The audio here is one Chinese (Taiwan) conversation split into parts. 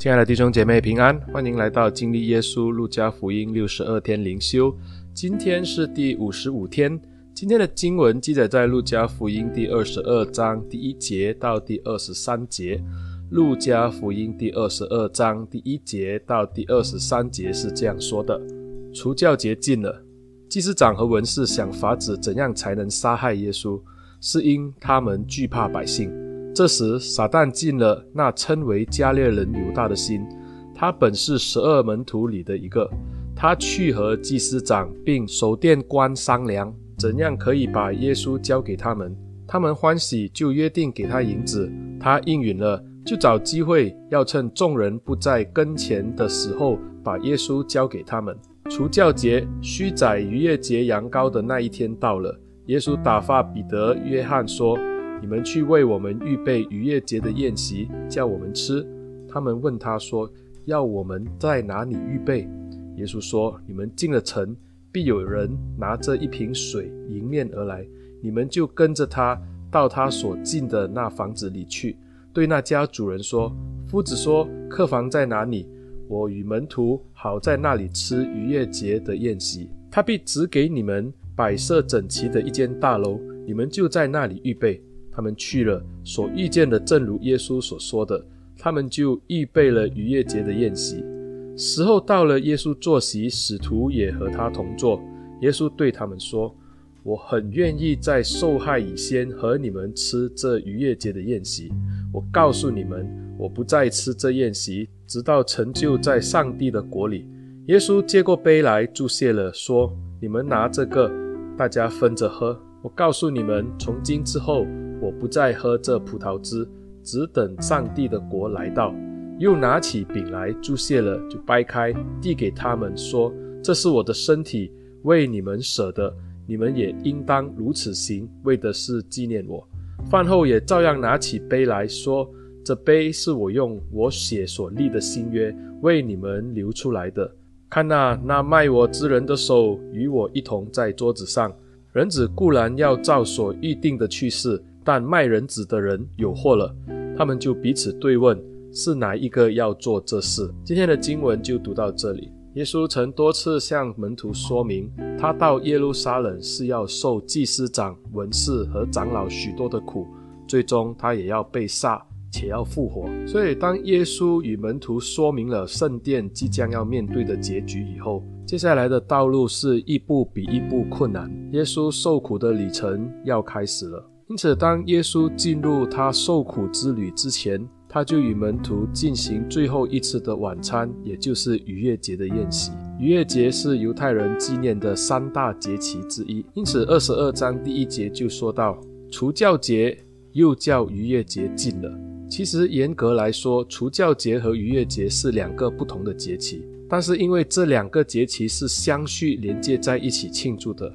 親愛的弟兄姐妹平安，歡迎來到經歷耶穌路加福音六十二天靈修。今天是第五十五天。今天的經文記載在路加福音第二十二章第一節到第二十三節。路加福音第二十二章第一節到第二十三節是這樣說的：除酵節近了，祭司長和文士想法子怎樣才能殺害耶穌，是因他們懼怕百姓。這時，撒但進了那稱為加略人猶大的心。他本是十二門徒裡的一個。他去和祭司長並守殿官商量，怎樣可以把耶穌交給他們。他們歡喜，就約定給他銀子。他應允了，就找機會，要趁眾人不在跟前的時候，把耶穌交給他們。除酵節須宰逾越節羊羔,羔的那一天到了，耶穌打發彼得、約翰說。你們去為我們預備逾越節的宴席，叫我們吃。他們問他說：“要我們在哪裡預備？”耶穌說：“你們進了城，必有人拿着一瓶水迎面而來，你們就跟着他到他所進的那房子裡去，對那家主人說：‘夫子說，客房在哪裡？我與門徒好在那裡吃逾越節的宴席。’他必指給你們擺設整齊的一間大樓，你們就在那裡預備。”他們去了，所遇見的正如耶穌所說的，他們就預備了逾越節的宴席。時候到了，耶穌坐席，使徒也和他同坐。耶穌對他們說：“我很願意在受害以先和你們吃這逾越節的宴席。我告訴你們，我不再吃這宴席，直到成就在上帝的國裡。”耶穌接過杯來，祝謝了，說：“你們拿這個，大家分着喝。我告訴你們，從今之後。”我不再喝這葡萄汁，只等上帝的國來到。又拿起餅來，祝謝了，就掰開，遞給他們說：“這是我的身體，為你們舍的，你們也應當如此行，為的是紀念我。”飯後也照樣拿起杯來說：“這杯是我用我血所立的新約，為你們流出來的。”看哪，那賣我之人的手與我一同在桌子上。人子固然要照所預定的去世。但賣人子的人有禍了，他們就彼此對問，是哪一個要做這事？今天的經文就讀到這裡。耶穌曾多次向門徒說明，他到耶路撒冷是要受祭司長、文士和長老許多的苦，最終他也要被殺且要復活。所以，當耶穌與門徒說明了聖殿即將要面對的結局以後，接下來的道路是一步比一步困難。耶穌受苦的旅程要開始了。因此，當耶穌進入他受苦之旅之前，他就與門徒進行最後一次的晚餐，也就是逾越節的宴席。逾越節是猶太人紀念的三大節期之一。因此，二十二章第一節就說到：“除酵節又叫逾越節近了。”其實，嚴格來說，除酵節和逾越節是兩個不同的節期，但是因為這兩個節期是相續連接在一起慶祝的。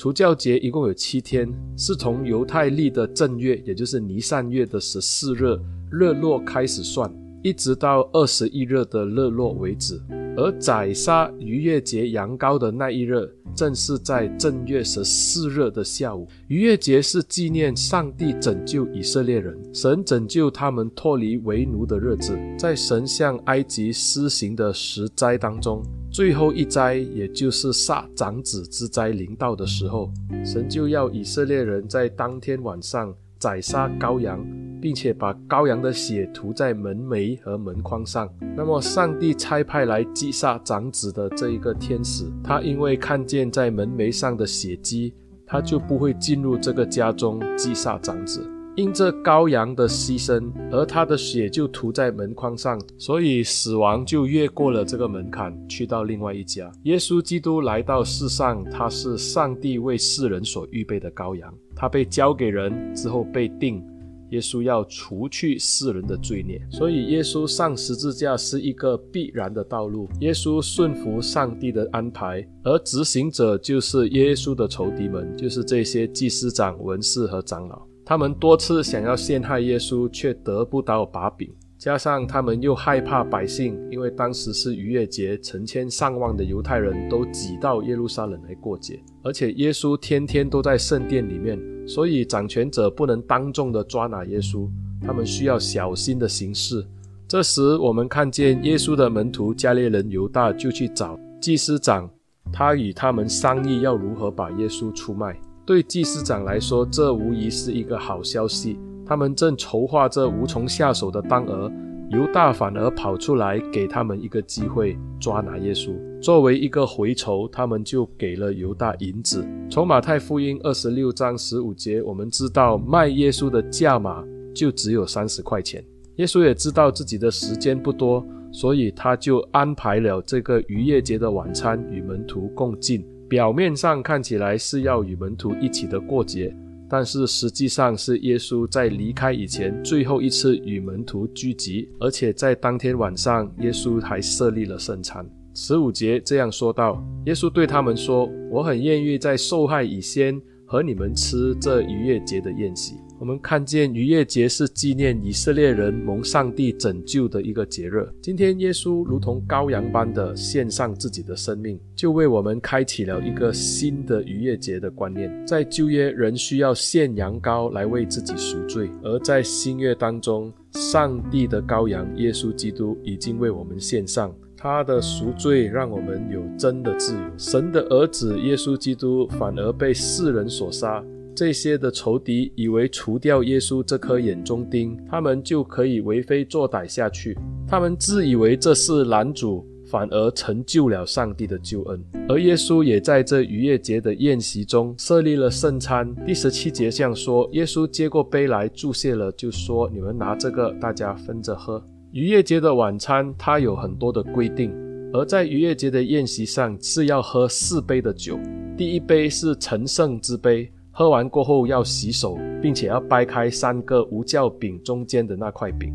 除酵節一共有七天，是從猶太曆的正月，也就是尼散月的十四日日落開始算，一直到二十一日的日落為止。而宰殺逾越節羊羔的那一日，正是在正月十四日的下午。逾越節是紀念上帝拯救以色列人，神拯救他們脫離為奴的日子，在神向埃及施行的十災當中，最後一災，也就是殺長子之災臨到的時候，神就要以色列人在當天晚上宰殺羔羊，並且把羔羊的血塗在門楣和門框上。那麼，上帝差派來擊殺長子的這一個天使，他因為看見在門楣上的血迹，他就不會進入這個家中擊殺長子。因這羔羊的犧牲，而他的血就塗在門框上，所以死亡就越過了這個門檻，去到另外一家。耶穌基督來到世上，他是上帝為世人所預備的羔羊，他被交給人之後被釘。耶穌要除去世人的罪孽，所以耶穌上十字架是一個必然的道路。耶穌順服上帝的安排，而執行者就是耶穌的仇敵們，就是這些祭司長、文士和長老。他們多次想要陷害耶穌，卻得不到把柄。加上他們又害怕百姓，因為當時是逾越節，成千上萬的猶太人都擠到耶路撒冷來過節。而且耶穌天天都在聖殿裡面，所以掌權者不能當眾的抓拿耶穌，他們需要小心的行事。這時，我們看見耶穌的門徒加略人猶大就去找祭司長，他與他們商議要如何把耶穌出賣。對祭司長來說，這無疑是一個好消息。他們正籌劃着無從下手的當兒，猶大反而跑出來給他們一個機會抓拿耶穌。作為一個回酬，他們就給了猶大銀子。從馬太福音二十六章十五節，我們知道賣耶穌的價碼就只有三十塊錢。耶穌也知道自己的時間不多，所以他就安排了這個逾越節的晚餐與門徒共進。表面上看起來是要與門徒一起的過節，但是實際上是耶穌在離開以前最後一次與門徒聚集，而且在當天晚上，耶穌還設立了聖餐。十五節這樣說道：“耶穌對他們說，我很願意在受害以先。”和你們吃這逾越節的宴席。我們看見逾越節是紀念以色列人蒙上帝拯救的一個節日。今天耶穌如同羔羊般地獻上自己的生命，就為我們開啟了一個新的逾越節的觀念。在舊約，人需要獻羊羔、羔來為自己贖罪；而在新約當中，上帝的羔羊耶穌基督已經為我們獻上。他的贖罪讓我們有真的自由。神的兒子耶穌基督反而被世人所殺，這些的仇敵以為除掉耶穌這顆眼中釘，他們就可以為非作歹下去。他們自以為這是攔阻，反而成就了上帝的救恩。而耶穌也在這逾越節的宴席中設立了聖餐。第十七節這樣說，耶穌接過杯來祝謝了，就說：“你們拿這個，大家分着喝。”逾越節的晚餐，它有很多的規定，而在逾越節的宴席上是要喝四杯的酒。第一杯是成聖之杯，喝完過後要洗手，並且要掰開三個無酵餅中間的那塊餅。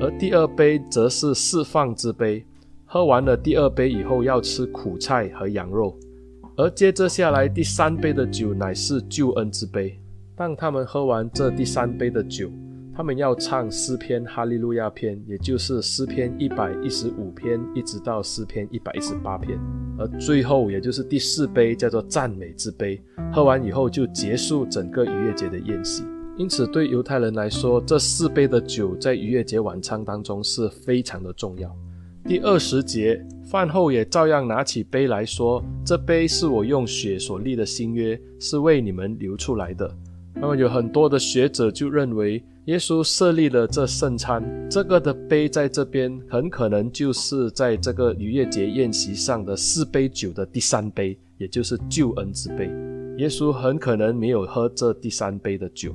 而第二杯則是釋放之杯，喝完了第二杯以後要吃苦菜和羊肉。而接着下來第三杯的酒乃是救恩之杯，當他們喝完這第三杯的酒。他們要唱詩篇哈利路亞篇，也就是詩篇一百一十五篇一直到詩篇一百一十八篇，而最後也就是第四杯叫做讚美之杯，喝完以後就結束整個逾越節的宴席。因此，對猶太人來說，這四杯的酒在逾越節晚餐當中是非常的重要。第二十節，飯後也照樣拿起杯來說：“這杯是我用血所立的新約，是為你們流出來的。”那麼，嗯，有很多的學者就認為，耶穌設立了這聖餐，這個的杯在這邊很可能就是在這個逾越節宴席上的四杯酒的第三杯，也就是救恩之杯。耶穌很可能沒有喝這第三杯的酒，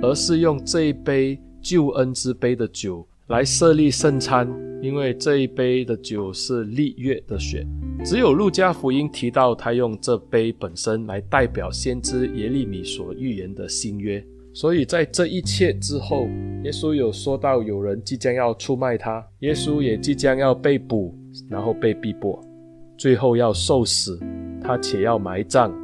而是用這一杯救恩之杯的酒。來設立聖餐，因為這一杯的酒是立約的血。只有路加福音提到，他用這杯本身來代表先知耶利米所預言的新約。所以在這一切之後，耶穌有說到有人即將要出賣他，耶穌也即將要被捕，然後被逼迫，最後要受死，他且要埋葬。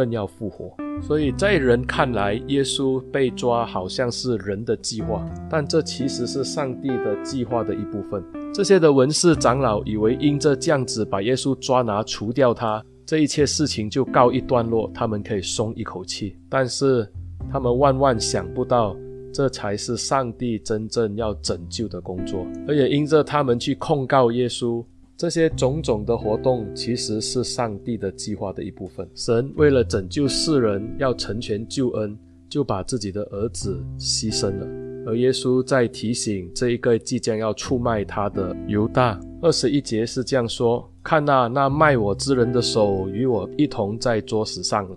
更要復活，所以在人看來，耶穌被抓好像是人的計劃，但這其實是上帝的計劃的一部分。這些的文士長老以為，因着這樣子把耶穌抓拿除掉他，這一切事情就告一段落，他們可以鬆一口氣。但是他們萬萬想不到，這才是上帝真正要拯救的工作，而也因着他們去控告耶穌。這些種種的活動其實是上帝的計劃的一部分。神為了拯救世人，要成全救恩，就把自己的兒子犧牲了。而耶穌在提醒這一個即將要出賣他的猶大。二十一節是這樣說：“看哪，那賣我之人的手與我一同在桌子上。”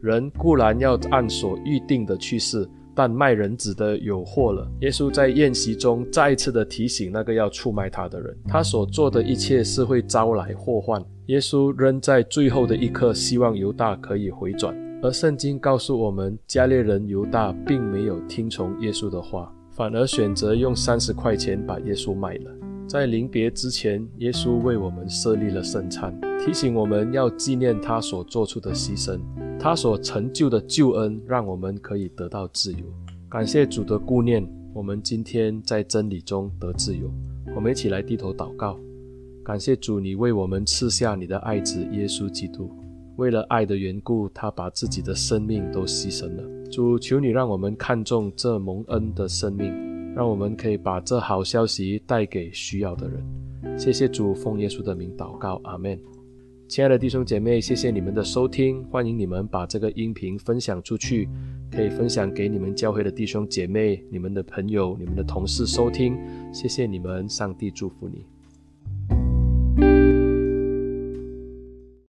人固然要按所預定的去世，但賣人子的有禍了！耶穌在宴席中再一次的提醒那個要出賣他的人，他所做的一切是會招來禍患。耶穌仍在最後的一刻希望猶大可以回轉，而聖經告訴我們，加略人猶大並沒有聽從耶穌的話，反而選擇用三十塊錢把耶穌賣了。在臨別之前，耶穌為我們設立了聖餐，提醒我們要紀念他所做出的犧牲。他所成就的救恩，讓我們可以得到自由。感謝主的顧念，我們今天在真理中得自由。我們一起來低頭禱告，感謝主，你為我們賜下你的愛子耶穌基督。為了愛的緣故，他把自己的生命都犧牲了。主，求你讓我們看重這蒙恩的生命，讓我們可以把這好消息帶給需要的人。謝謝主，奉耶穌的名禱告，阿門。親愛的弟兄姐妹，謝謝你們的收聽，歡迎你們把這個音頻分享出去，可以分享給你們教會的弟兄姐妹、你們的朋友、你們的同事收聽。謝謝你們，上帝祝福你。